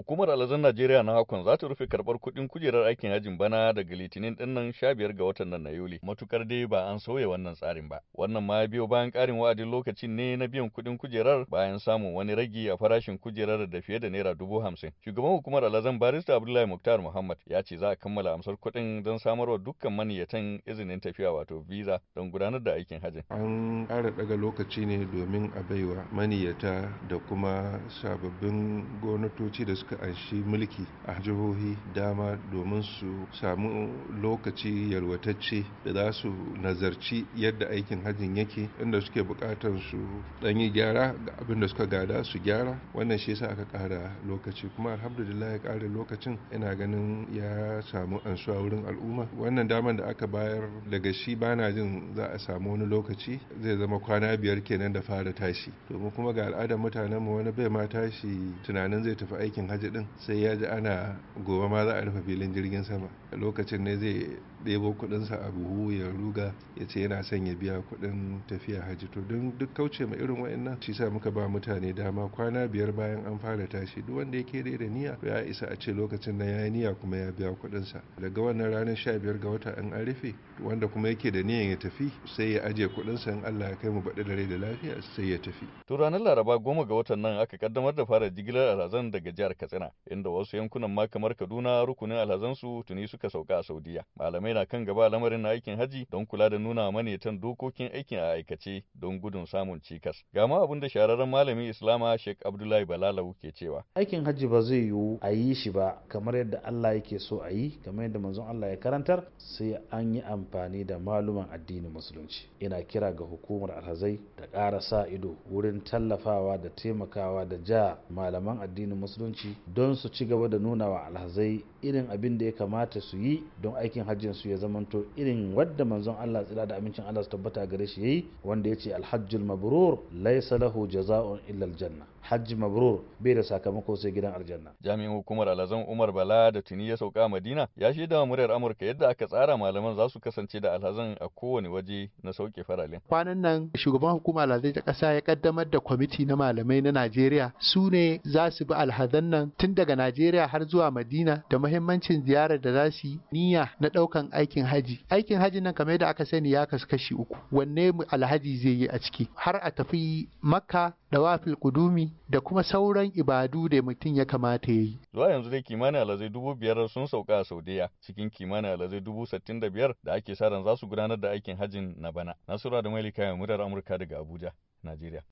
Hukumar alazan Najeriya na hakon za ta rufe karbar kudin kujerar aikin hajin bana daga litinin dinnan nan sha biyar ga watan nan na Yuli. Matukar dai ba an sauya wannan tsarin ba. Wannan ma biyo bayan karin wa'adin lokacin ne na biyan kudin kujerar bayan samun wani ragi a farashin kujerar da fiye da naira dubu hamsin. Shugaban hukumar alazan barista Abdullahi Muktar Muhammad ya ce za a kammala amsar kuɗin don samarwa dukkan maniyatan izinin tafiya wato visa don gudanar da aikin hajin. An ƙara daga lokaci ne domin a baiwa maniyata da kuma sababbin gwamnatoci da suka suka anshi mulki a jihohi dama domin su samu lokaci yalwatacce da za su nazarci yadda aikin hajjin yake inda suke bukatar su dan yi gyara ga abin da suka gada su gyara wannan shi yasa aka kara lokaci kuma alhamdulillah ya kare lokacin ina ganin ya samu ansuwa wurin al'umma wannan daman da aka bayar daga shi bana jin za a samu wani lokaci zai zama kwana biyar kenan da fara tashi domin kuma ga al'adar mutanen mu wani bai ma tashi tunanin zai tafi aikin hajji ji din sai ya ji ana gobe ma za a rufe filin jirgin sama a lokacin ne zai ɗebo kuɗinsa a buhu ya ruga ya ce yana son ya biya kuɗin tafiya hajji to don duk kauce ma irin wa'annan shi sa muka ba mutane dama kwana biyar bayan an fara tashi duk wanda yake da niyya ya isa a ce lokacin na ya yi niyya kuma ya biya kuɗinsa daga wannan ranar sha biyar ga wata an rufe wanda kuma yake da niyan ya tafi sai ya ajiye kuɗinsa in Allah ya kai mu baɗi da rai da lafiya sai ya tafi. To ranar Laraba goma ga watan nan aka kaddamar da fara jigilar razan daga jihar Katsina, inda wasu yankunan ma kamar Kaduna rukunin alhazansu tuni suka sauka a Saudiya. Malamai na kan gaba lamarin aikin haji don kula da nuna manetan dokokin aikin a aikace don gudun samun cikas. Ga ma abin da shahararren malamin Islama Sheikh Abdullahi Balalau ke cewa. Aikin haji ba zai yiwu a yi shi ba kamar yadda Allah yake so a yi, kamar yadda manzon Allah ya karantar sai an yi amfani da maluman addinin musulunci. Ina kira ga hukumar alhazai da ƙara sa ido wurin tallafawa da taimakawa da ja malaman addinin musulunci don su ci gaba da nuna wa alhazai irin abin da ya kamata su yi don aikin hajjin su ya zamanto irin wadda manzon Allah tsira da amincin Allah su tabbata gare shi yayi wanda ya ce alhajjul mabrur laysa lahu jaza'un illa aljanna hajji mabrur bai da sakamako sai gidan aljanna jami'in hukumar alhazan Umar Bala da tuni ya sauka Madina ya shaida wa muryar Amurka yadda aka tsara malaman za su kasance da alhazan a kowane waje na sauke faralin kwanan nan shugaban hukumar alhazai ta kasa ya kaddamar da kwamiti na malamai na Najeriya su ne za su bi alhazan nan wannan tun daga Najeriya har zuwa Madina da muhimmancin ziyarar da za su yi niyya na ɗaukan aikin haji. Aikin haji nan kamar yadda aka sani ya kaskashi uku. Wanne alhaji zai yi a ciki? Har a tafi Makka da wafil kudumi da kuma sauran ibadu da mutum ya kamata ya yi. Zuwa yanzu dai kimanin alazai dubu biyar sun sauka a Saudiya cikin kimanin alazai dubu sittin da biyar da ake sa ran za su gudanar da aikin hajjin na bana. Nasura da Malika ya murar Amurka daga Abuja, Najeriya.